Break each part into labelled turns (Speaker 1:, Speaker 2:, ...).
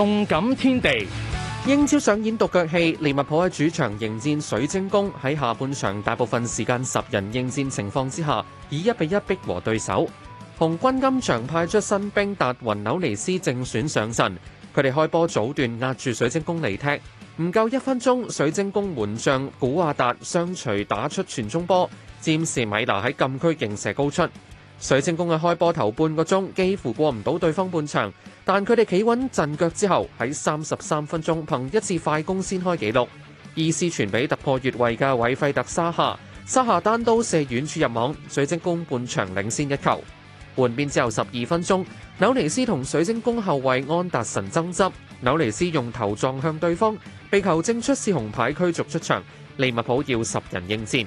Speaker 1: 動感天地，英超上演獨腳戲，利物浦喺主場迎戰水晶宮。喺下半場大部分時間十人應戰情況之下，以一比一逼和對手。紅軍今場派出新兵達雲紐尼斯正選上陣，佢哋開波早段壓住水晶宮嚟踢。唔夠一分鐘，水晶宮門將古亞達雙錘打出傳中波，佔士米拿喺禁區勁射高出。水晶宮嘅開波頭半個鐘幾乎過唔到對方半場，但佢哋企穩陣腳之後，喺三十三分鐘憑一次快攻先開紀錄，意思傳俾突破越位嘅韋費特沙夏，沙夏單刀射遠處入網，水晶宮半場領先一球。換邊之後十二分鐘，紐尼斯同水晶宮後衛安達臣爭執，紐尼斯用頭撞向對方，被球證出示紅牌驅逐出場，利物浦要十人應戰。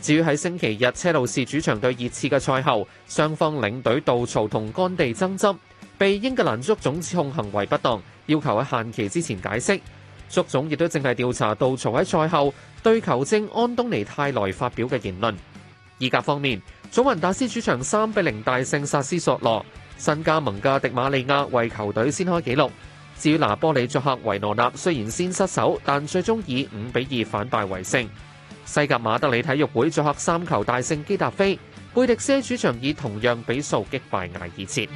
Speaker 1: 至於喺星期日，車路士主場對熱刺嘅賽後，雙方領隊杜曹同干地爭執，被英格蘭足總指控行為不當，要求喺限期之前解釋。足總亦都正係調查杜曹喺賽後對球證安東尼泰來發表嘅言論。意甲方面，祖雲達斯主場三比零大勝薩斯索羅，新加盟嘅迪馬利亞為球隊先開紀錄。至於拿波里作客維羅納，雖然先失守，但最終以五比二反敗為勝。西甲馬德里體育會作客三球大勝基達菲，貝迪斯喺主場以同樣比數擊敗艾爾切。